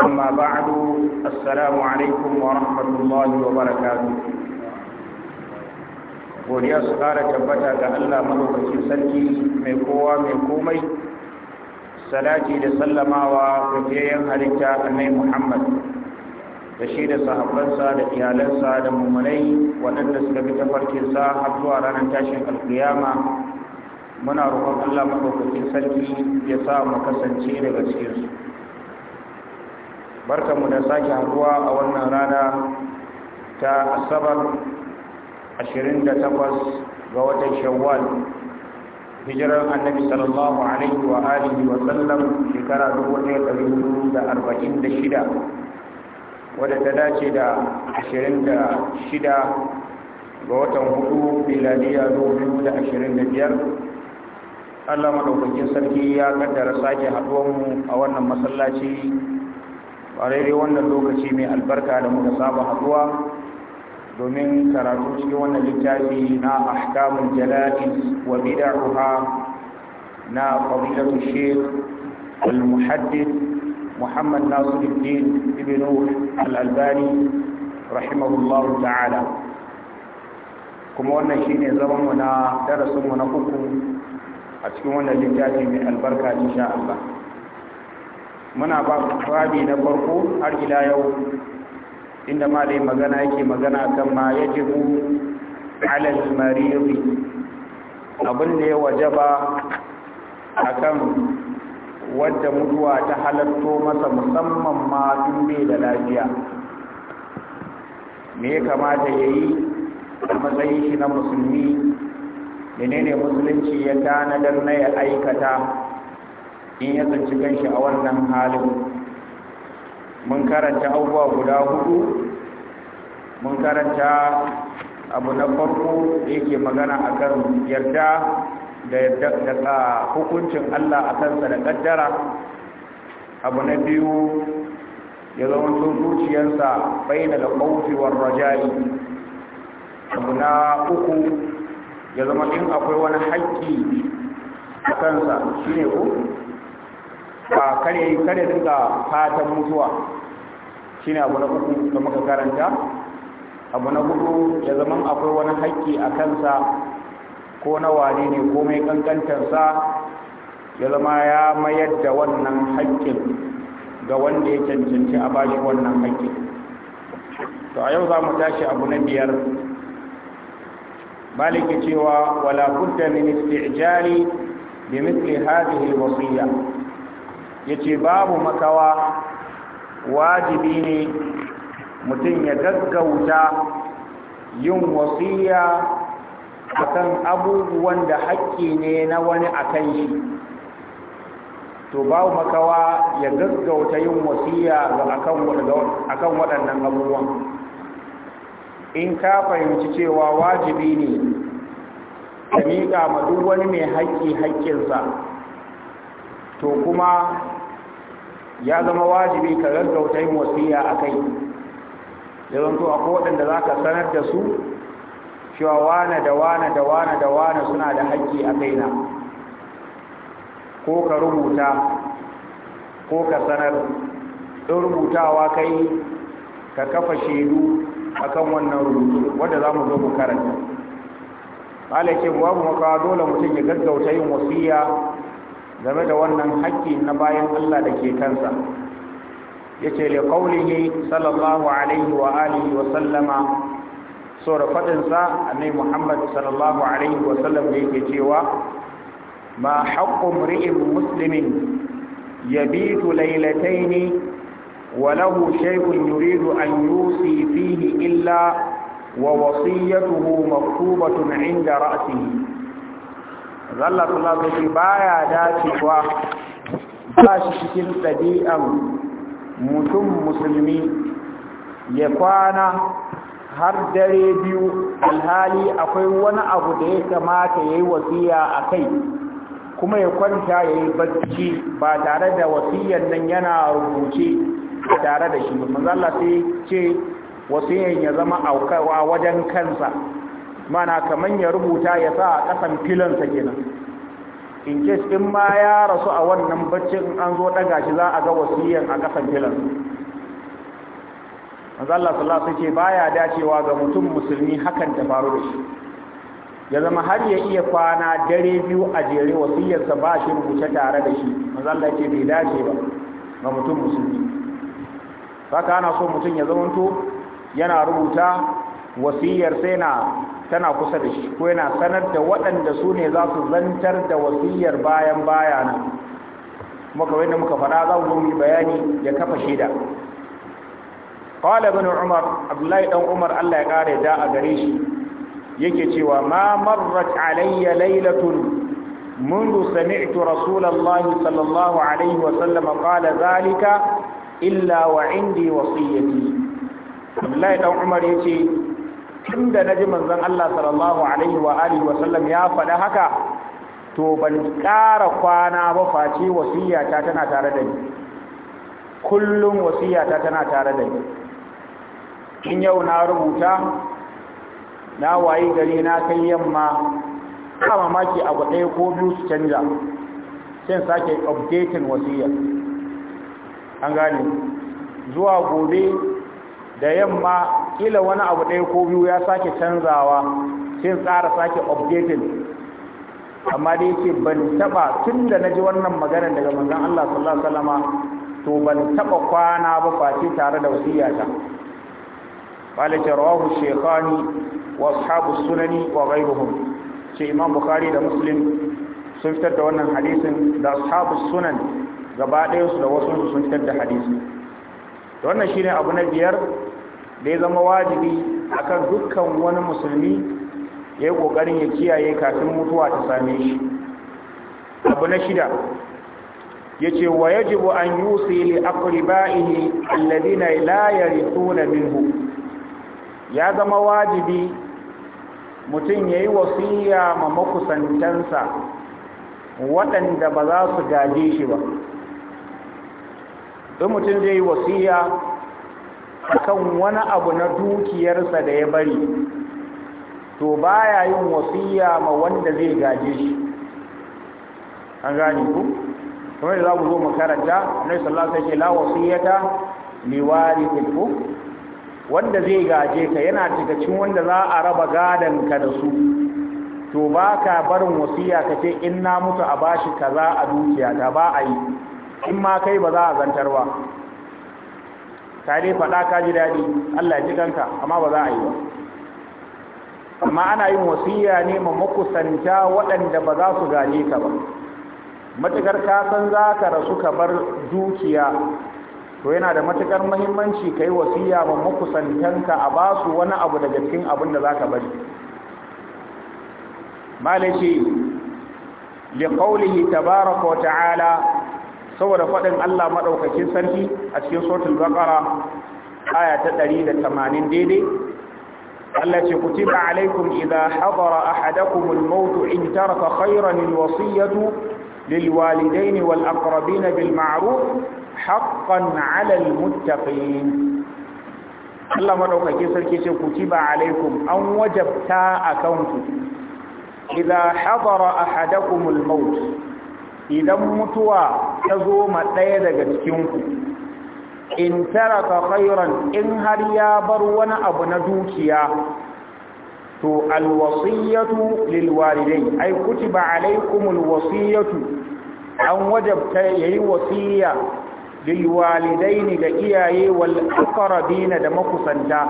أما بعد السلام عليكم ورحمة الله وبركاته godiya su kara tabbata ga Allah malaukacin sarki mai kowa mai komai salati da sallamawa ga biyayyen halitta annai Muhammad da shi da sahabbansa da iyalansa da mummunai waɗanda suka bi tafarkinsa har zuwa ranar tashin alkiyama muna roƙon Allah malaukacin sarki ya sa mu kasance daga cikinsu barkanmu da sake haduwa a wannan rana ta asabar 28 ga watan shawwal hijirar annabi sallallahu alaihi wa alihi wa sallam shekara 1446 wadda ta dace da 26 ga watan hudu miladiya 2025 Allah madaukakin sarki ya kaddara sake haduwanmu a wannan masallaci ware daidai wannan lokaci mai albarka da muka saba haduwa domin karatu cikin wannan littafi na ahkamul jala'is wa bid'aha na fadilatu sheikh al-muhaddith muhammad nasiruddin ibn al-albani rahimahullahu ta'ala kuma wannan shine zaman mu na darasin mu na uku a cikin wannan littafi mai albarka insha Allah muna ba babi na farko har ila yau inda ma dai magana yake magana kan ma yajibu alal mariri abin da ya wajaba akan wadda mutuwa ta halatto masa musamman ma tun da lafiya me ya kamata ya yi a matsayin shi na musulmi menene musulunci ya tanadar na ya aikata in ya tsanci kanshi a wannan halin mun karanta abubuwa guda hudu mun karanta abu na farko da yake magana a kan yarda da hukuncin Allah a kansa da kaddara abu na biyu ya zama zuciyarsa bai daga ƙaufewar rajayi abu na uku ya zama in akwai wani haƙƙi a kansa shi ne ku Ka kare kare dinga fatan mutuwa shine abu na uku da muka karanta abu na hudu ya zaman akwai wani haƙƙi a kansa ko na wane ne ko mai kankantarsa ya zama ya mayar da wannan haƙƙin ga wanda ya cancanci a bashi wannan haƙƙin to a yau za mu tashi abu na biyar maliki cewa wala budda min istijali bi mithli hadhihi yace babu makawa wajibi ne mutum ya gaggauta yin wasiya akan abubuwan da haƙƙi ne na wani akan shi to babu makawa ya gaggauta yin wasiya akan waɗannan abubuwan in ka fahimci cewa wajibi ne ka miƙa ma duk wani mai haƙƙi haƙƙinsa to kuma ya zama wajibi ka gaggauta yin wasiya a kai yawan to akwai waɗanda za ka sanar da su cewa wane da wane da wane da wane suna da haƙƙi a kaina ko ka rubuta ko ka sanar ɗin rubutawa kai ka kafa shaidu a kan wannan rubutu wanda za mu zo mu karanta laifin babu makawa dole mutum ya gaggauta yin wasiya game da wannan haƙƙi na bayan Allah da ke kansa yace li qawlihi sallallahu alaihi wa alihi wa sallama so da faɗinsa sa Muhammad sallallahu alaihi wa sallam da yake cewa ma ri'in mri'in muslimin yabitu laylatayn wa lahu shay'un yuridu an yusi fihi illa wa wasiyyatuhu maktubatun 'inda ra'asihi Allah kuma alaihi baya dacewa ba shi cikin ɗabi'an mutum musulmi ya kwana har dare biyu alhali akwai wani abu da ya kamata yayi wasiya a kai kuma ya kwanta yayi yi bacci ba tare da wasiyan nan yana rubuce tare da shi Allah sai ce wasiyan ya zama aukawa wajen kansa mana kamar ya rubuta ya sa a ƙasan filansa kenan in case in ma ya rasu a wannan baccin an zo daga shi za a ga wasiyan a ƙasan manzo Allah sallallahu ce baya dacewa ga mutum musulmi hakan ta faru da shi ya zama har ya iya kwana dare biyu a jere wasiyarsa ba shi rubuce tare da shi ya ce bai dace ba ga mutum musulmi haka ana so mutum ya zamanto yana rubuta wasiyar sai na tana kusa da shi ko yana sanar da waɗanda su ne za su zantar da wasiyar bayan baya nan muka wanda muka fara za mu yi bayani ya kafa shida qala ibn umar abdullahi dan umar Allah ya kare da a gare shi yake cewa ma marrat alayya laylatun منذ سمعت رسول الله صلى الله عليه وسلم قال ذلك إلا وعندي وصيتي Abdullahi dan Umar yace tun da na ji manzan Allah sallallahu alaihi wa alihi wa sallam ya faɗi haka to ban ƙara kwana ba face wasiyata tana tare da ni kullum wasiyata tana tare da ni in yau na rubuta na wayi gari na kai yamma ba mamaki abu ɗaya ko biyu su canja sai sake updating wasiyar an gane zuwa gobe da yamma kila wani abu ɗaya ko biyu ya sake canzawa sai tsara sake updating amma dai yake ban taba tun da na ji wannan magana daga manzon Allah sallallahu alaihi wasallama to ban taba kwana ba face tare da wasiyata qala rawahu shaykhani wa ashabu sunani wa ghayruhum sai imam bukhari da muslim sun fitar da wannan hadisin da ashabu sunan gaba ɗaya su da wasu sun fitar da hadisi wannan shine abu na biyar bai zama wajibi akan dukkan wani musulmi ya yi ƙoƙarin ya kiyaye kafin mutuwa ta same shi abu na shida ya ce wa yajibu an yi wusi li na alladina la yarithuna minhu ya zama wajibi mutum ya yi wasiya ma makusantansa waɗanda ba za su gaje shi ba in mutum zai yi wasiya akan wani abu na dukiyarsa da ya bari to baya yin wasiya ma wanda zai gaje shi an gane ku kamar da za mu zo mu karanta na sallallahu alaihi la wasiyata li warithil ku wanda zai gaje ka yana daga cikin wanda za a raba gadan ka da su to baka barin wasiya ka ce in na mutu a bashi kaza a dukiya ta ba a yi in ma kai ba za a zantarwa. ka dai faɗa ka ji daɗi Allah ya ji kanka amma ba za a yi ba amma ana yin wasiya ne ma makusanta waɗanda ba za su gane ka ba matukar ka san za ka rasu ka bar dukiya to yana da matukar muhimmanci ka yi wasiya ma makusantanka a ba su wani abu daga cikin abin da za ka bari malaci liƙaulihi tabaraka wa ta'ala saboda faɗin Allah maɗaukakin sarki a cikin sautin baƙara aya ta ɗari da tamanin daidai Allah ce ku tiba alaikum idha hadara ahadakum al in taraka khayran al-wasiyatu lil walidayn wal aqrabin bil ma'ruf haqqan 'ala al-muttaqin Allah maɗaukakin sarki ce ku tiba alaikum an wajabta akan ku idha hadara ahadakum al idan mutuwa ta zo ma ɗaya daga cikinku in ka khairan in har ya bar wani abu na dukiya to alwasiyatu lilwalidai ai kutiba alaikum wasiyatu an wajabta yayi wasiya lilwalidaini ga iyaye wal aqrabina da makusanta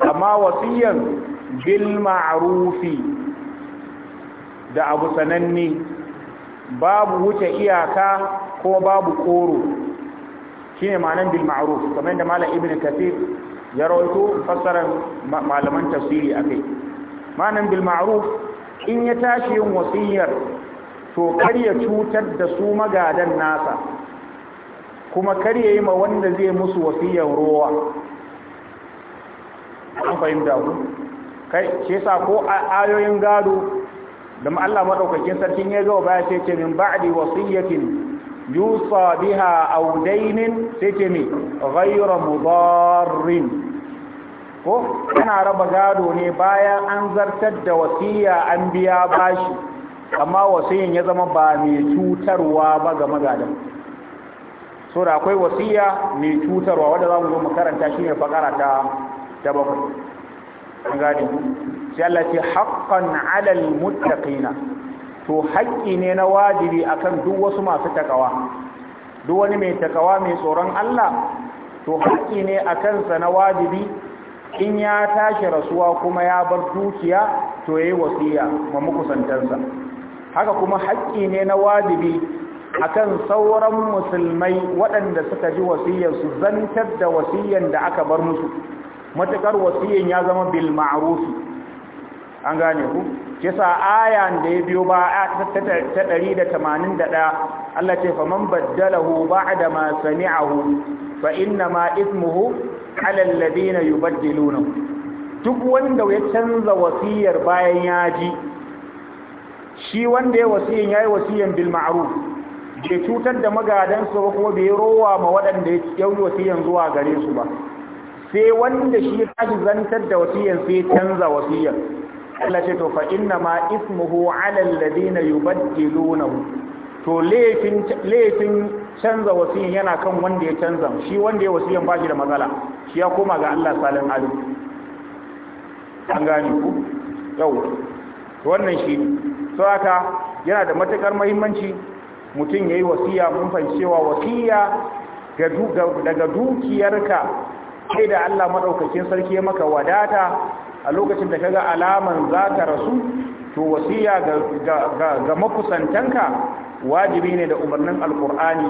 amma wasiyan bil ma'rufi da abu sananne. babu wuce iyaka ko babu koro shine ma'anan bil ma'ruf kamar da malam ibn kathir ya rawaito fassarar malaman tafsiri akai ma'anan bil ma'ruf in ya tashi yin wasiyar to kar ya cutar da su magadan nasa kuma kar ya yi ma wanda zai musu wasiyar ruwa an fahimta ku kai shi yasa ko ayoyin gado dama Allah madaukakin sarkin ya ga baya sai ce min ba'di wasiyatin yusa biha aw daynin sai ce mi ghayra mudarrin ko ana raba gado ne bayan an zartar da wasiya an biya bashi amma wasiyin ya zama ba mai cutarwa ba ga magadan so da akwai wasiya mai cutarwa wanda za mu zo mu karanta ne fakara ta ta bakwai an gane haqqan 'alal muttaqina to haƙƙi ne na wajibi akan duk wasu masu takawa duk wani mai takawa mai tsoron Allah to haƙƙi ne akan sa na wajibi in ya tashi rasuwa kuma ya bar dukiya to yayi wasiya ma makusantansa haka kuma haƙƙi ne na wajibi akan sauran musulmai waɗanda suka ji wasiyar su zantar da wasiyar da aka bar musu matakar wasiyin ya zama bil ma'rufi an gane ku kisa ayan da ya biyo ba ta 181 Allah ce fa man baddalahu ba'da ma sami'ahu fa inna ma ismuhu 'ala alladhina yubaddiluna duk wanda ya canza wasiyar bayan ya ji shi wanda ya wasiyin yayi wasiyan bil ma'ruf bai cutar da magadansa ba kuma bai rowa ma waɗanda ya yi wasiyan zuwa gare su ba sai wanda shi tashi zantar da wasiyan sai canza wasiyan Allah ce to fa inna ma ismuhu ala alladhina yubaddilunahu to laifin laifin canza wasiyan yana kan wanda ya canza shi wanda ya wasiyan ba shi da matsala shi ya koma ga Allah salin alu an gane ku yau wannan shi so haka yana da matakar muhimmanci mutum yayi wasiya mun fahimci cewa wasiya daga dukiyarka kai da Allah madaukakin sarki ya maka wadata a lokacin da kaga alaman za ta rasu to wasiya ga ga, ga makusantanka wajibi ne da umarnin alqur'ani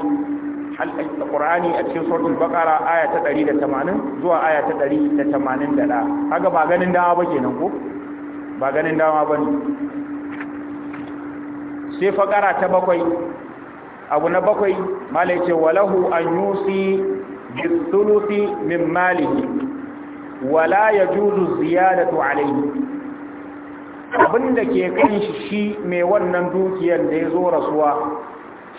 alqur'ani a cikin suratul baqara aya ta 180 zuwa aya ta 181 kaga ba ganin dama ba kenan ko ba ganin dama ne. sai fakara ta bakwai abu na bakwai malai ce walahu an yusi بالثلث من ماله ولا يجوز الزيادة عليه abinda ke kan shi mai wannan dukiyar da ya zo rasuwa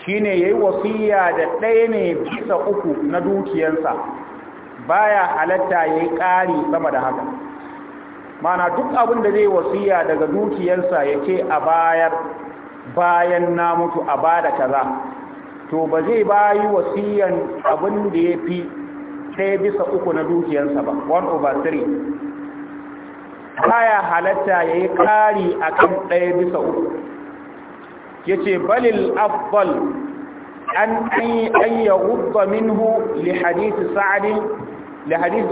shine yayi wasiya da ɗaya ne bisa uku na dukiyarsa baya halatta yayi ƙari sama da haka mana duk abin da zai wasiya daga dukiyarsa yake a bayar bayan na mutu a bada kaza to ba zai bayi wasiyan abin da ya fi ɗaya bisa uku na dukiyarsa ba 1 over 3 kaya halatta ya yi ƙari a kan ɗaya bisa uku ya ce balil afbal an an ya gudda minhu li hadisi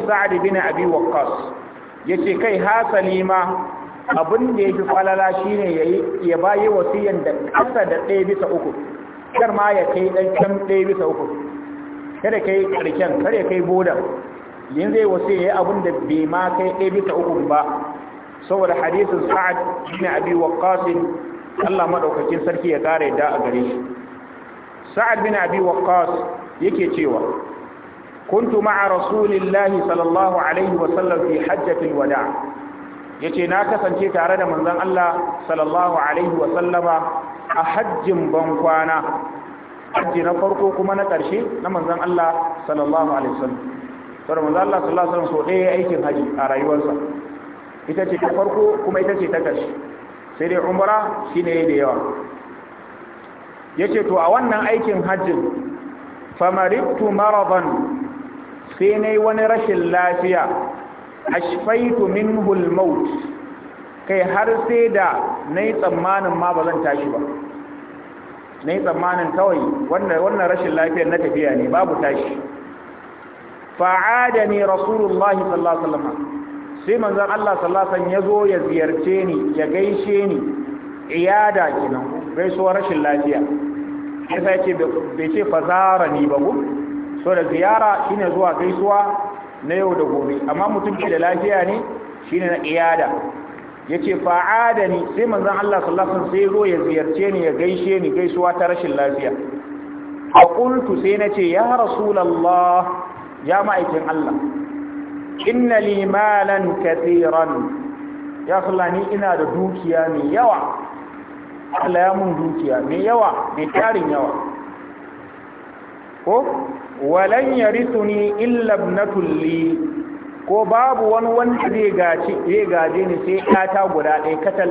sa'adi bin abi waqqas ya ce kai hasali ma abin da ya fi falala ne ya bayi wasiyan da ƙasa da ɗaya bisa uku kar ma ya kai dan can ɗaya bisa uku kada kai ƙarshen kada kai bodan Yin zai wasu yayi abin da bai ma kai ɗaya bisa uku ba saboda hadisin sa'ad bin abi waqqas Allah madaukakin sarki ya kare da a gare shi sa'ad bin abi waqqas yake cewa kuntu ma'a rasulillahi sallallahu alaihi wa sallam fi hajjatil wada' yace na kasance tare da manzon Allah sallallahu alaihi wa sallama a hajjin ban kwana hajji na farko kuma na ƙarshe na manzon Allah sallallahu alaihi wasallam sai manzon Allah sallallahu alaihi wasallam so ɗaya aikin hajji a rayuwarsa ita ce ta farko kuma ita ce ta ƙarshe sai dai umara shine yayi da yawa Ya ce to a wannan aikin hajjin famaridtu maradan sai na yi wani rashin lafiya ashfaitu minhu al-maut kai har sai da na yi tsammanin ma ba zan tashi ba na yi tsammanin kawai wannan rashin lafiyar na tafiya ne babu tashi fa'ada ne rasulullahi sallallahu sai manzon Allah Sallasan ya zo ya ziyarce ni ya gaishe ni iyada kinan gaisuwar rashin lafiya ya ya ce bai ce fazara ni ba ku so da ziyara shine zuwa gaisuwa na yau da gobe amma mutum ke da lafiya ne shine na iyada ya ce fa'ada ni sai manzan Allah sallafin sai zo ya ziyarce ni ya gaishe ni gaisuwa ta rashin lafiya a ƙuntu sai na ce ya rasulallah ya ma'aikin Allah inna limalan kathiran ya ni ina da dukiya mai yawa Allah ya mun dukiya mai yawa mai tarin yawa ko walan yarithuni illa na tulli. ko babu wani wanda zai gaci zai gaje ni sai ta guda ɗaya katal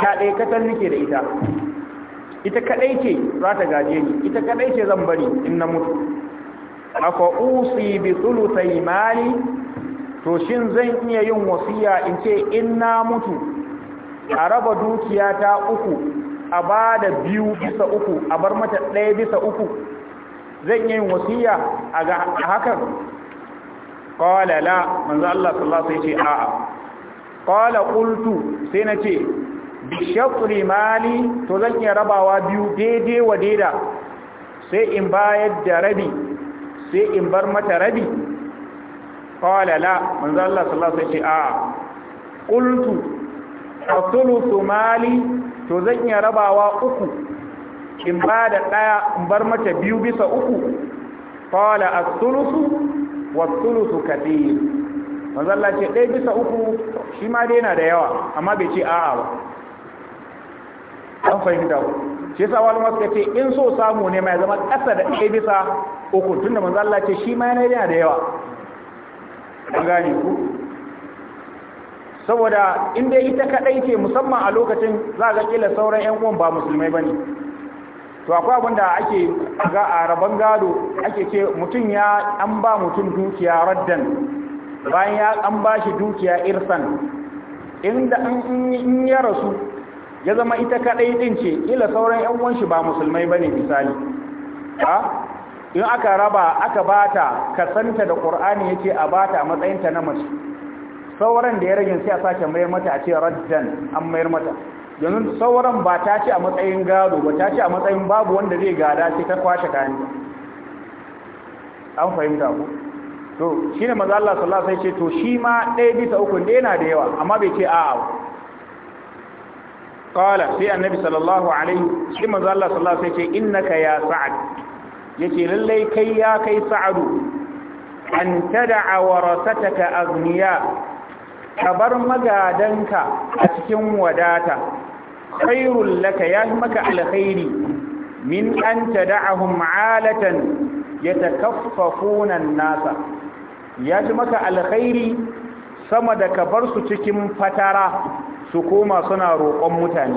ta ɗaya katal nake da ita ita kadai ce za ta gaje ni ita kadai ce zan bari in na mutu afa usi bi thuluthai mali to shin zan iya yin wasiya in ce in na mutu a raba dukiyata uku a ba da biyu bisa uku a bar mata ɗaya bisa uku zan iya yin wasiya a hakan qala la manzo Allah sallallahu alaihi wasallam a'a qala qultu sai na ce bi shatri mali to zan iya rabawa biyu daidai wa daida sai in bayar da rabi sai in bar mata rabi qala la manzo Allah sallallahu alaihi wasallam a'a a thuluthu mali to zan iya rabawa uku in ba da ɗaya, in bar mata biyu bisa uku qala as-thuluthu wasulusu kathir manzo Allah ce ɗaya bisa uku shi ma dai na da yawa amma bai ce a'a ba an fahimta ku shi yasa wani masu ce in so samu ne mai zama ƙasa da ɗaya bisa uku tunda manzo Allah ce shi ma yana da yawa an gane ku saboda in dai ita kaɗai ce musamman a lokacin za ga kila sauran 'yan uwan ba musulmai ba ne to akwai abin da ake ga a rabon gado ake ce mutum ya an ba mutum dukiya raddan bayan ya an ba shi dukiya irsan inda in ya rasu ya zama ita kaɗai ɗin ce ila sauran yan uwan shi ba musulmai ba ne misali ha in aka raba aka bata kasanta da ya ce a bata a matsayinta na mace sauran da ya rage sai a sake mayar mata a ce raddan an mayar mata yanzu sauran ba ta ce a matsayin gado ba ta ce a matsayin babu wanda zai gada ce ta kwashe kayan an fahimta ku to shi ne maza Allah sallallahu alaihi sai ce to shi ma ɗaya bisa uku ɗaya na da yawa amma bai ce a'a qala sai annabi sallallahu alaihi shi maza Allah sallallahu alaihi wasallam sai ce naka ya sa'ad ce lallai kai ya kai sa'adu an tad'a ka azmiya? ka bar magadanka a cikin wadata khairul laka ya maka alkhairi min an tada'ahum alatan yatakaffafuna an-nasa ya maka alkhairi sama da ka bar su cikin fatara su koma suna roƙon mutane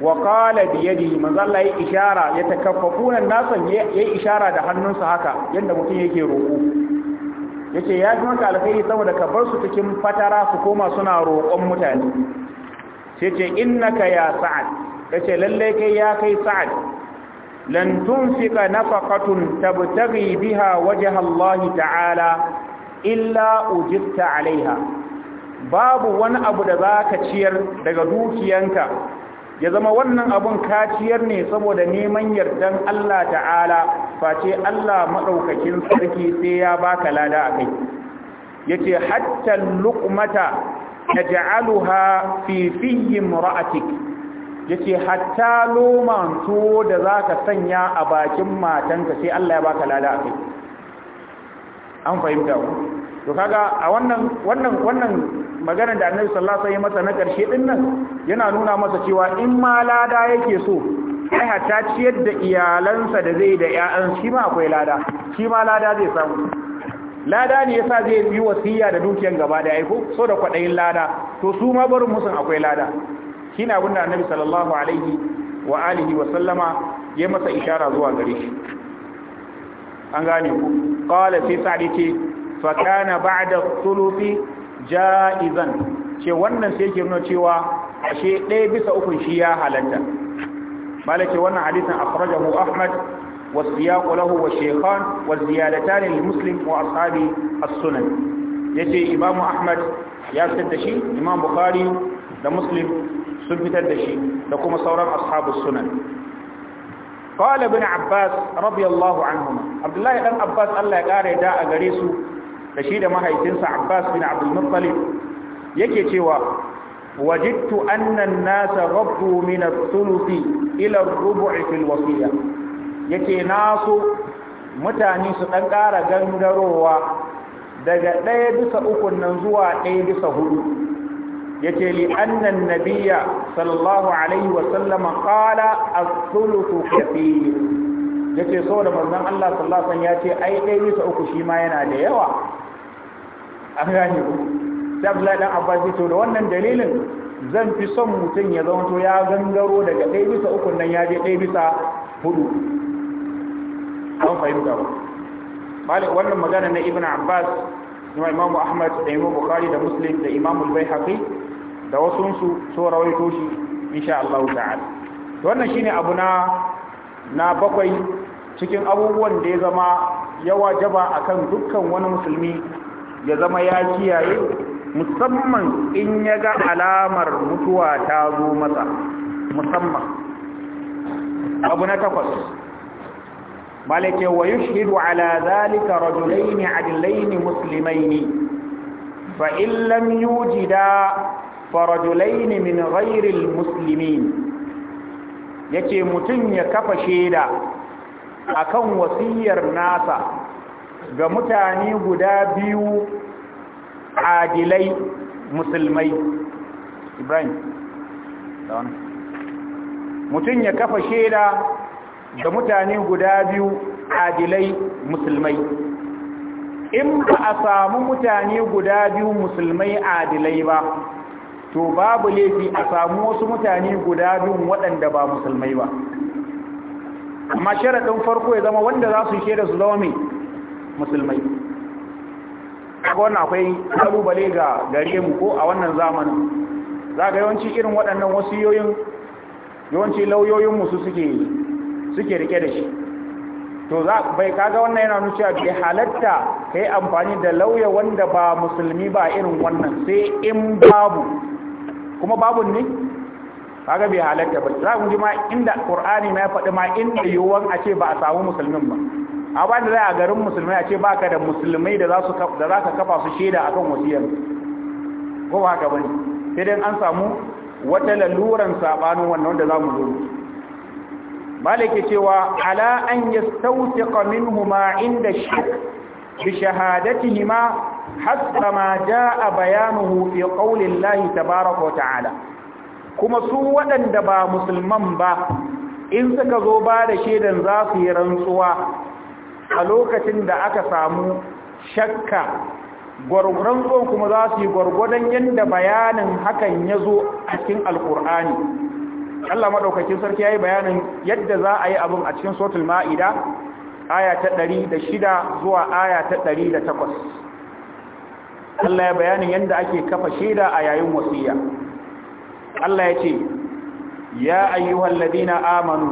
wa qala bi yadihi manzo Allah ya ishara ya takaffafuna nasan ya ishara da hannunsa haka yanda mutum yake roƙo yace ya ji maka alkhairi saboda ka bar su cikin fatara su koma suna roƙon mutane sai ce innaka ya sa'ad yace lalle kai ya kai sa'ad lan tunfika nafaqatun tabtaghi biha wajha Allah ta'ala illa ujibta 'alayha babu wani abu da zaka ciyar daga dukiyanka ya zama wannan abun ka ciyar ne saboda neman yardan Allah ta'ala face Allah madaukakin sarki sai ya baka lada akai yace hatta luqmata yaj'aluha fi fihi imra'atik yace hatta loman tuwo da zaka sanya a bakin matanka sai Allah ya baka lada akai an fahimta ku to kaga a wannan wannan wannan maganar da Annabi sallallahu alaihi wasallam masa na karshe din yana nuna masa cewa in ma lada yake so ai hatta ciyar da iyalansa da zai da ƴaƴan shi ma akwai lada shi ma lada zai samu lada ne yasa zai yi wasiya da dukiyar gaba da aiko so da kwadayin lada to su ma barin musun akwai lada shine abin da annabi sallallahu alaihi wa alihi wa sallama ya masa ishara zuwa gare shi an gane ku qala fi sa'di fa kana ba'da thuluthi jaizan ce wannan sai yake nuna cewa ashe ɗaya bisa ukun shi ya halatta malaki wannan hadisin akhrajahu ahmad والسياق له والشيخان والزيادتان للمسلم وأصحاب السنن يتي إمام أحمد يفتد شيء إمام بخاري ده مسلم سنفتد شيء لكم صورا أصحاب السنن قال ابن عباس رضي الله عنهما عبد الله بن عباس الله يقاري داء غريسو تشيد ما هيتنسى عباس بن عبد المطلب يكي تيوا وجدت أن الناس غضوا من الثلث إلى الربع في الوصية yake naso mutane su ɗan ƙara gangarowa daga ɗaya bisa uku nan zuwa ɗaya bisa hudu yake li annan nabiya sallallahu alaihi sallam qala as-thuluthu kafir yake saboda manzon Allah sallallahu alaihi wasallam yace ai ɗaya bisa uku shi ma yana da yawa an gane ku sai dan Abbas to da wannan dalilin zan fi son mutum ya zama to ya gangaro daga ɗaya bisa uku nan ya je ɗaya bisa hudu an fahimta ba malik wannan magana na ibn abbas kuma imam ahmad da imam bukhari da muslim da imam al-baihaqi da wasu su so rawaito shi insha Allah ta'ala wannan shine abu na na bakwai cikin abubuwan da ya zama ya wajaba akan dukkan wani musulmi ya zama ya kiyaye musamman in ya ga alamar mutuwa ta zo masa musamman abu na takwas malake wa yushhidu ala zalika rajulaini adillaini muslimaini fa in lam yujida fa rajulaini min ghairi almuslimin yace mutun ya kafa sheda akan wasiyar nasa ga mutane guda biyu adilai musulmai ibrahim mutum ya kafa shaida da mutane guda biyu adilai musulmai in ba a samu mutane guda biyu musulmai adilai ba to babu laifi a samu wasu mutane guda biyun waɗanda ba musulmai ba amma sharaɗin farko ya zama wanda za su da su zama mai musulmai wannan akwai kalubale ga gare mu ko a wannan zamanin za ga yawanci irin waɗannan wasiyoyin yawanci lauyoyinmu su suke suke rike da shi to za bai kaga wannan yana nuna cewa bai halatta kai amfani da lauya wanda ba musulmi ba irin wannan sai in babu kuma babu ne kaga bai halatta ba za ku ji ma inda qur'ani ma ya faɗi ma inda yuwan a ce ba a samu musulmin ba a ba da a garin musulmai a ce baka da musulmai da za su da za ka kafa su shaida akan wasiyar ko ba haka bane sai dai an samu wata laluran sabanin wannan wanda za mu zo malaki cewa ala an yastawtiqa minhuma inda shak bi shahadatihima hatta ma a bayanuhu fi qawli Allah tabaaraka wa ta'ala kuma su waɗanda ba musulman ba in suka zo ba da shaidan za su yi rantsuwa a lokacin da aka samu shakka gwargwaron kuma za su yi gwargwadon yadda bayanin hakan ya zo a cikin alkur'ani Allah madaukakin sarki yayi bayanin yadda za a yi abun a cikin suratul maida aya ta 106 zuwa aya ta 108 Allah ya bayanin yadda ake kafa shaida a yayin wasiya Allah ya ce ya ayyuhal ladina amanu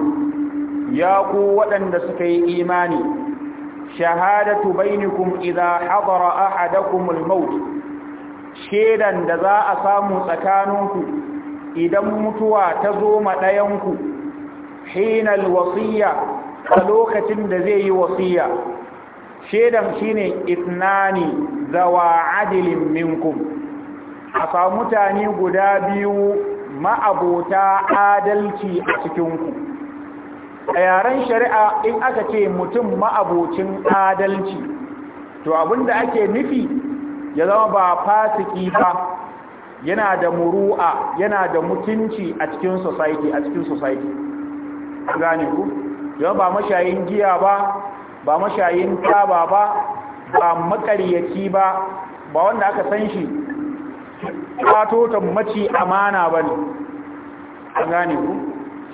ya ku waɗanda suka yi imani shahadatu bainakum Iza hadara ahadakum al-maut shaidan da za a samu tsakaninku idan mutuwa ta zo ma ɗayanku hinal wasiya a lokacin da zai yi wasiya shaidan shine itnani zawa adilin minkum a samu mutane guda biyu ma'abota adalci a cikinku a yaren shari'a in aka ce mutum ma'abocin adalci to abinda ake nufi ya zama ba fasiki ba yana da muru'a yana da mutunci a cikin society a cikin society gane ku yau ba mashayin giya ba ba mashayin taba ba ba makaryaci ba ba wanda aka san shi kwato tammaci amana ba ne gane ku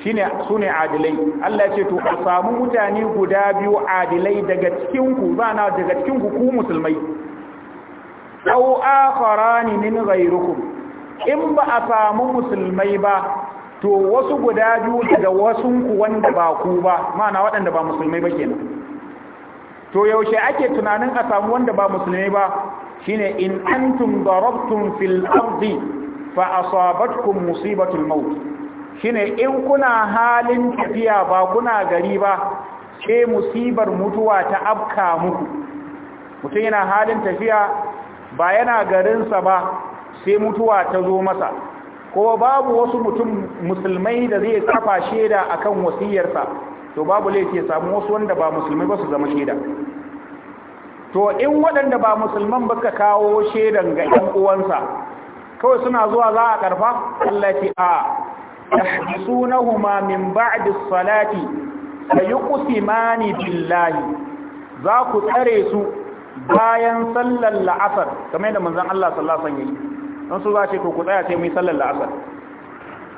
shine sune adilai Allah ce to a samu mutane guda biyu adilai daga cikin ku ba na daga cikin ku ku musulmai aw akharani min ghayrikum in ba a samu musulmai ba to wasu guda biyu daga wasunku wanda ba ku ba mana waɗanda ba musulmai ba kenan to yaushe ake tunanin a samu wanda ba musulmai ba shine in antum darabtum fil ardi fa asabatkum musibatul maut shine in kuna halin tafiya ba kuna gari ba ce musibar mutuwa ta abka muku mutum yana halin tafiya ba yana garinsa ba sai mutuwa ta zo masa ko babu wasu mutum musulmai da zai kafa shaida akan wasiyarsa to babu laifi ya samu wasu wanda ba musulmai ba su zama shaida to in waɗanda ba musulman ba ka kawo shaidan ga ɗan uwansa kawai suna zuwa za a ƙarfa Allah ce a tahsunahuma min ba'di salati sayuqsimani billahi za ku tsare su bayan sallar la'asar kamar yadda manzon Allah sallallahu alaihi wasallam in su za ce to ku tsaya sai mu yi sallar la'asar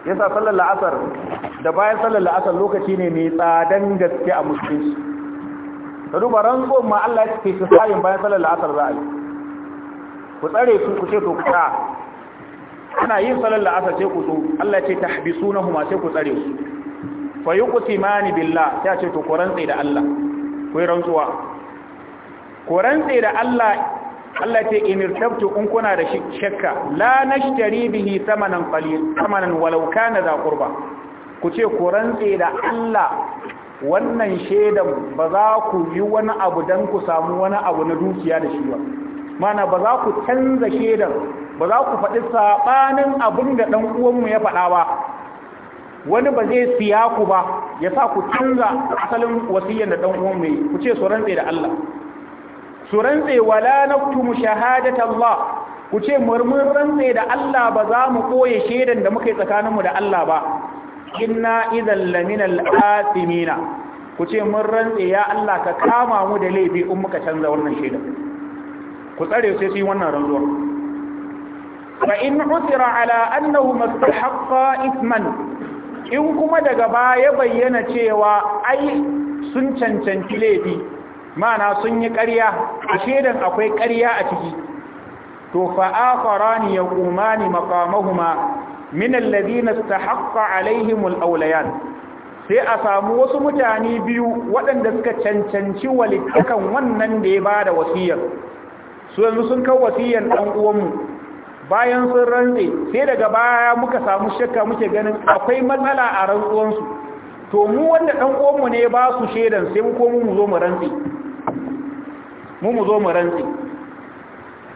yasa sallar la'asar da bayan sallar la'asar lokaci ne mai tsadan gaske a musulunci da duba rantsuwar ma Allah ya ce su bayan sallar la'asar za a yi ku tsare su ku ce to ku tsaya ana yin sallar la'asar sai ku zo Allah ya ce ta habisu na sai ku tsare su fa yi kusimani billah sai a ce to ku rantse da Allah ku yi rantsuwa ku rantse da Allah Allah ce in irtabtu in kuna da shakka la nashtari bihi thamanan qalil thamanan walau kana za qurba ku ce ku rantse da Allah wannan shedan ba za ku yi wani abu dan ku samu wani abu na dukiya da shi ba mana ba za ku canza shedan ba za ku faɗi sabanin abin da dan mu ya faɗa ba wani ba zai siya ku ba ya sa ku canza asalin wasiyyar da dan uwan mu ku ce su rantse da Allah su rantse wala naktumu shahadat Allah ku ce murmun rantse da Allah ba za mu koye shedan da muke tsakaninmu da Allah ba inna idhal laminal athimina ku ce mun rantse ya Allah ka kama mu da laifi in muka canza wannan shedan ku tsare sai su yi wannan rantsuwar fa in usira ala annahu mustahaqqa isman in kuma daga baya bayyana cewa ai sun cancanci laifi ma'ana sun yi ƙarya a shaidan akwai ƙarya a ciki to ni ya fa'aqarani yaqumani maqamahuma min ta haƙƙa alaihimul aulayan sai a samu wasu mutane biyu waɗanda suka cancanci walittakan wannan da ya ba da wasiyar su yanzu sun kawo wasiyar ɗan uwanmu bayan sun rantse sai daga baya muka samu shakka muke ganin akwai matsala a rantsuwansu to mu wanda dan uwanmu ne ba su shedan sai mu ko mu zo mu rantsi mu mu zo mu rantsi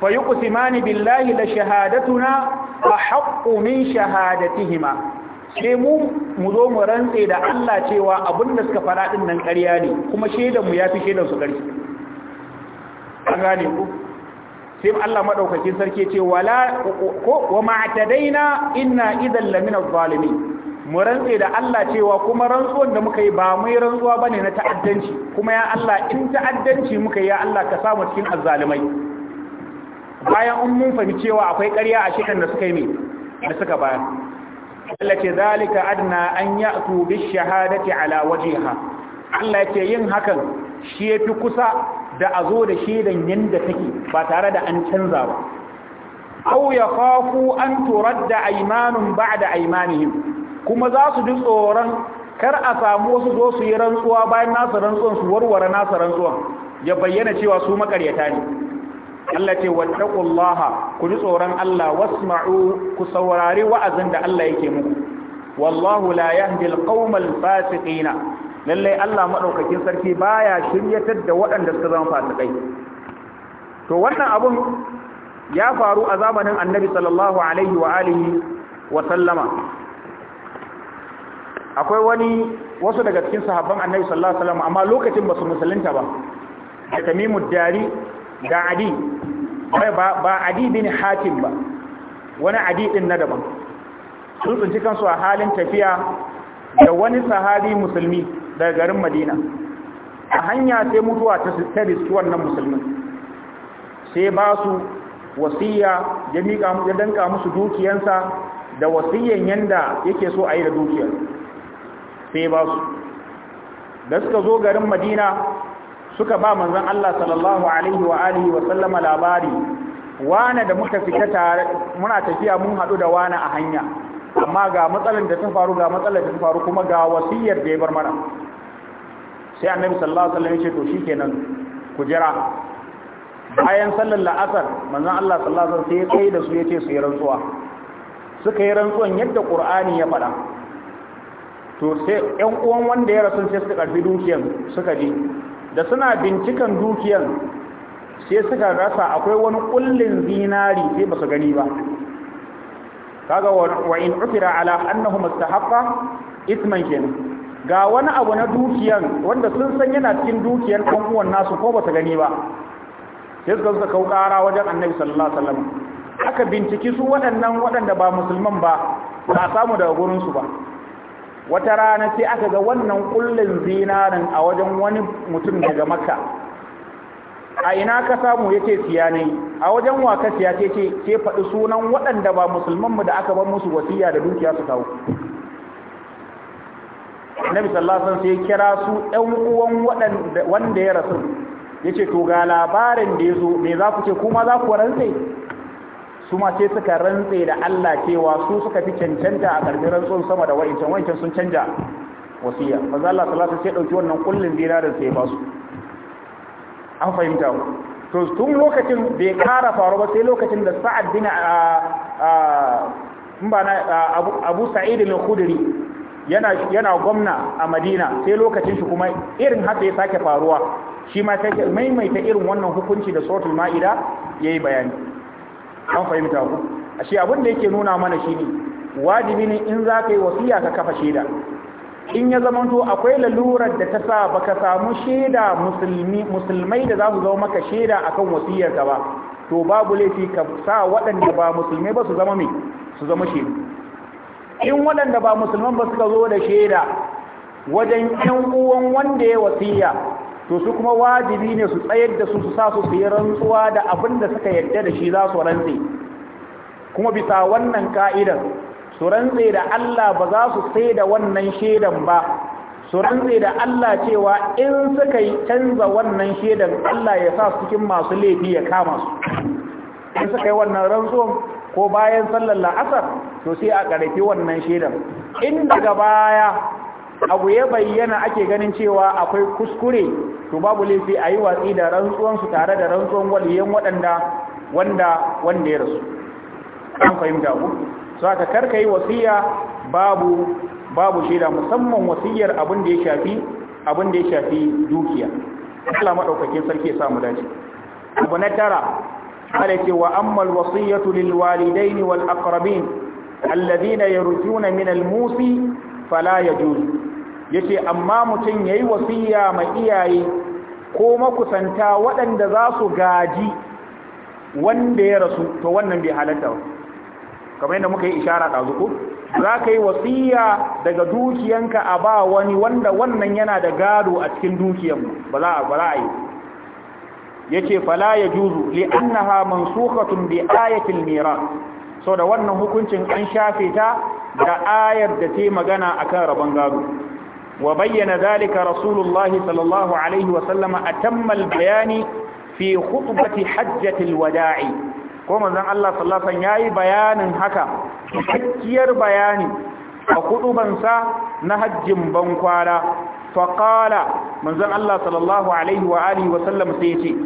fa yuqsimani billahi la shahadatuna ahqqu min shahadatihima sai mu mu zo mu rantsi da Allah cewa da suka fara din nan ƙarya ne kuma shedan mu yafi shedan su ƙarfi an gane ku sai Allah madaukakin sarki ce wala ko wa ma'tadaina inna idan lamina zalimin mu rantse da Allah cewa kuma rantsuwan da muka yi ba mai rantsuwa ba ne na ta'addanci kuma ya Allah in ta'addanci muka yi ya Allah ka samu cikin azzalumai bayan in mun fahimci cewa akwai ƙarya a shekan da suka yi ne da suka bayar Allah ce zalika adna an ya'tu bi ala wajhiha Allah ce yin hakan shi yafi kusa da a zo da shedan yanda take ba tare da an canza ba aw yakhafu an turadda aymanun ba'da aymanihim kuma za su ji tsoron kar a samu wasu zo su yi rantsuwa bayan nasu rantsuwan su warware nasu rantsuwan ya bayyana cewa su makaryata ne Allah ce wattaqullaha ku ji tsoron Allah wasma'u ku saurari wa'azin da Allah yake muku wallahu la yahdi alqawmal fasiqina lalle Allah madaukakin sarki baya shiryatar da waɗanda suka zama fasikai to wannan abun ya faru a zamanin Annabi sallallahu alaihi wa alihi wa sallama akwai wani wasu daga cikin sahabban annabi sallallahu alaihi wasallam amma lokacin ba su musulunta ba da tamimu dari da adi ba ba adi bin hatim ba wani adi din na daban sun tsinci kansu a halin tafiya da wani sahabi musulmi daga garin madina a hanya sai mutuwa ta su wannan musulmin sai ba su wasiya ya danka musu dukiyansa da wasiyan yanda yake so a yi da dukiyar sai ba su da suka zo garin madina suka ba manzon Allah sallallahu alaihi wa alihi wa sallama labari wane da muka fita tare muna tafiya mun hadu da wane a hanya amma ga matsalar da ta faru ga matsalar da ta faru kuma ga wasiyar da ya bar mana sai annabi sallallahu alaihi wasallam ya ce to shikenan ku jira bayan sallar la'asar manzon Allah sallallahu alaihi wasallam sai ya kai da su yace su yi rantsuwa suka yi rantsuwan yadda qur'ani ya faɗa to sai uwan wanda ya rasu sai suka karbi dukiyan suka ji, da suna bincikan dukiyan sai suka rasa akwai wani kullin zinari sai ba su gani ba kaga wa in utira ala annahum istahaqqa ithman kenan ga wani abu na dukiyan wanda sun san yana cikin dukiyar ɗan uwan nasu ko ba su gani ba sai suka suka kau ƙara wajen annabi sallallahu alaihi wasallam aka binciki su waɗannan waɗanda ba musulman ba ba samu daga gurinsu ba wata rana sai aka ga wannan kullin zinarin a wajen wani mutum daga makka a ina ka samu ya ce siya a wajen waka siya ce ce ke faɗi sunan waɗanda ba musulmanmu da aka bar musu wasiya da dukiya su kawo annabi sallallahu alaihi sai kira su ɗan uwan wanda ya rasu yace to ga labarin da ya zo me za ku ce kuma za ku rantse su ma sai suka rantse da Allah cewa su suka fi cancanta a ƙarfin rantsuwar sama da wa'incan wa'incan sun canja wasiya maza Allah salatu sai dauki wannan kullum dinarin sai ba su an fahimta ku to tun lokacin bai kara faru ba sai lokacin da Sa'ad bin a ba na Abu Sa'id bin khudri yana yana gwamna a Madina sai lokacin shi kuma irin haka ya sake faruwa shi ma sai maimaita irin wannan hukunci da suratul Ma'ida yayi bayani an fahimta ku ashe abin da yake nuna mana shi ne. wajibi ne in za ka yi wasiya ka kafa shaida in ya zamanto akwai lalurar da ta sa baka samu sheda musulmi musulmai da za su zama maka shaida akan wasiyarka ba to babu laifi ka sa waɗanda ba musulmai ba su zama me su zama in waɗanda ba musulman ba suka zo da shaida wajen ƴan uwan wanda ya wasiya to su kuma wajibi ne su tsayar da su su sa su yi rantsuwa da abin da suka yarda da shi za su rantse kuma bisa wannan ka'idar su rantse da Allah ba za su sai da wannan shaidan ba su rantse da Allah cewa in suka yi canza wannan shaidan Allah ya sa su cikin masu laifi ya kama su in suka yi wannan rantsuwan ko bayan sallar la'asar to sai a ƙarfi wannan shaidan in daga baya abu ya bayyana ake ganin cewa akwai kuskure to babu laifi a yi watsi da rantsuwansu tare da rantsuwan waliyan waɗanda wanda wanda ya rasu an fahimta ku su aka karka yi wasiya babu babu shaida musamman wasiyar abin da ya shafi abin da ya shafi dukiya Allah madaukakin sarki ya mu dace abu na tara ala ce wa ammal wasiyatu lil walidaini wal aqrabin alladhina yarithuna min al musi fala yajuz yace amma mutum ya yi wasiya mai iyaye ko makusanta waɗanda za su gaji wanda ya rasu to wannan bai halatta kamar yadda muka yi ishara ɗazu ko za ka yi wasiya daga dukiyanka a ba wani wanda wannan yana da gado a cikin dukiyan ba za a yi ya ce fala ya juzu li'annaha mansukatun bi ayatil miras so da wannan hukuncin an shafe ta da ayar da ta magana akan rabon gado وبين ذلك رسول الله صلى الله عليه وسلم أتم البيان في خطبة حجة الوداع كما أن الله صلى الله عليه وسلم يأي بيان حكا حكير بيان وخطبا سا نهج بنقوالا فقال من ذن الله صلى الله عليه وآله وسلم سيتي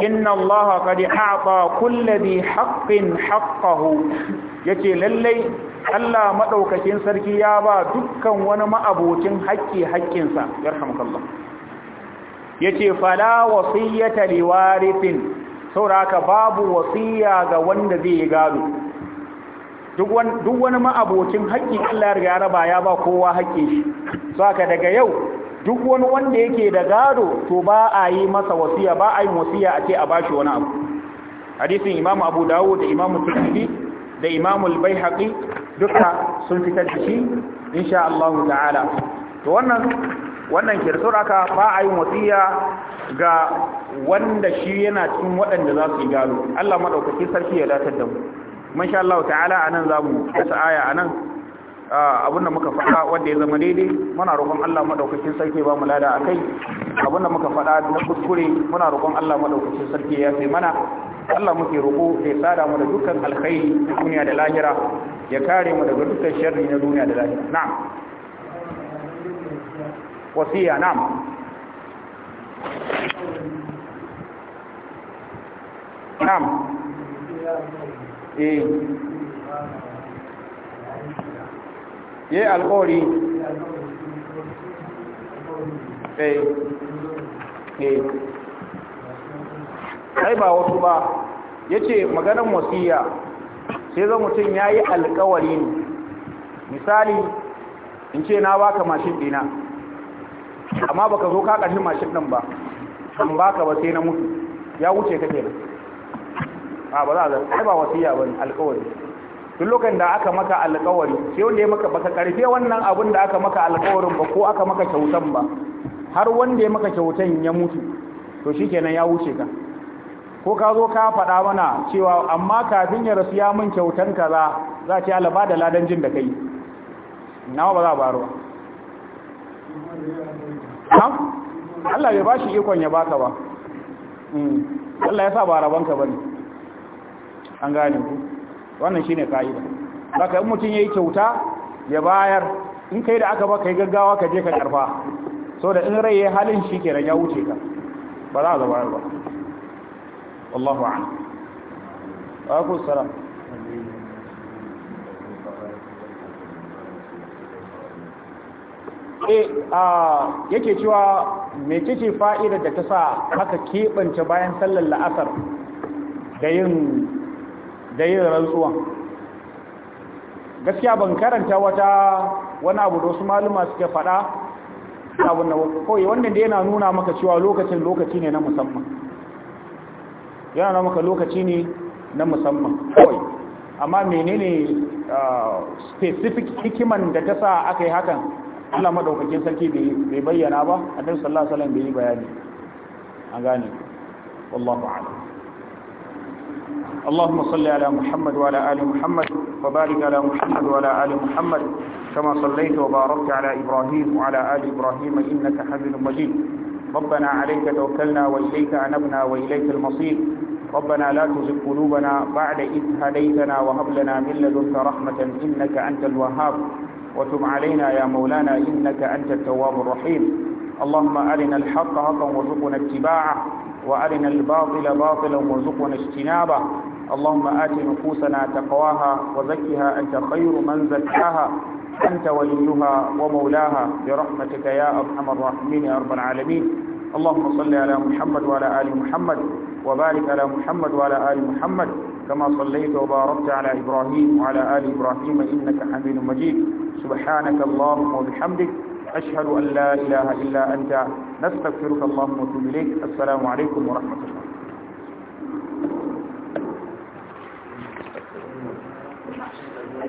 inna Allah qad a'ta kulli haqqin haqqahu yace lallai Allah madaukakin sarki ya ba dukkan wani ma'abocin haƙƙi haƙƙinsa yarhamukallah yace fala wasiyata liwarithin sauraka babu wasiya ga wanda zai gado duk wani ma'abocin haƙƙi Allah ya riga ya raba ya ba kowa haƙƙin shi saka daga yau duk wani wanda yake da gado to ba a yi masa wasiya ba a yi wasiya a ce a bashi wani abu hadisin imam abu dawo da imamu turmidi da imam albayhaqi duka sun fitar da shi insha Allah ta'ala to wannan wannan kirsur aka ba a yi wasiya ga wanda shi yana cikin waɗanda za su yi gado Allah maɗaukaci sarki ya latar da mu insha Allah ta'ala anan zamu kasa aya anan abinda muka faɗa wanda ya zama daidai muna roƙon Allah madaukakin sarki ba mu lada akai abinda muka faɗa da kuskure muna roƙon Allah madaukakin sarki ya fi mana Allah muke roƙo ya tsada mu da dukkan alkhairi na duniya da lahira ya kare mu daga dukkan sharri na duniya da lahira na'am wasiya na'am na'am eh ya yi alkawari kai eh, eh. ba wasu ba ya ce maganin wasiya sai zan mutum ya yi alkawari ne misali in ce na baka mashin dina amma baka zo ka ƙarshen mashin ɗin ba in baka ba sai na mutu ya wuce kake nan a ba za a zai ba wasiya ba ne alkawari duk lokacin da aka maka alkawari sai wanda ya maka baka karfe wannan abin da aka maka alkawarin ba ko aka maka kyautan ba har wanda ya maka kyautan ya mutu to shikenan ya wuce ka ko ka zo ka faɗa mana cewa amma kafin ya rasu ya min kyautan kaza za ci alaba da ladan jin da kai nawa ba za a baro Allah bai bashi ikon ya baka ba hmm. Allah ya sa ba rabanka bane an gane ku wannan shine kaida yi mutum ya yi kyauta ya bayar in kai da aka ba ka yi gaggawa ka je ka karfa da in rai ya halin shi ke ya wuce ka ba za a zama ba Allahu a'lam wa alaikum eh, yake cewa mecece fa'ida da ta sa haka keɓance bayan sallar la'asar da yin da yin rantsuwan gaskiya ban karanta wata wani abu da wasu maluma suke faɗa abin da kawai wannan da yana nuna maka cewa lokacin lokaci ne na musamman yana nuna maka lokaci ne na musamman kawai amma menene ah, specific hikiman da ta sa aka yi hakan Allah madaukakin sarki bai bayyana ba annabi sallallahu alaihi wasallam bai yi bayani an gane wallahu a'lam اللهم صل على محمد وعلى آل محمد وبارك على محمد وعلى آل محمد كما صليت وباركت على إبراهيم وعلى آل إبراهيم إنك حميد مجيد ربنا عليك توكلنا وإليك أنبنا وإليك المصير ربنا لا تزغ قلوبنا بعد إذ هديتنا وهب لنا من لدنك رحمة إنك أنت الوهاب وتب علينا يا مولانا إنك أنت التواب الرحيم اللهم أرنا الحق حقا وارزقنا اتباعه وأرنا الباطل باطلا وارزقنا اجتنابه اللهم آت نفوسنا تقواها وزكها أنت خير من زكاها أنت وليها ومولاها برحمتك يا أرحم الراحمين يا رب العالمين اللهم صل على محمد وعلى آل محمد وبارك على محمد وعلى آل محمد كما صليت وباركت على إبراهيم وعلى آل إبراهيم إنك حميد مجيد سبحانك اللهم وبحمدك أشهد أن لا إله إلا أنت نستغفرك اللهم وتوب إليك السلام عليكم ورحمة الله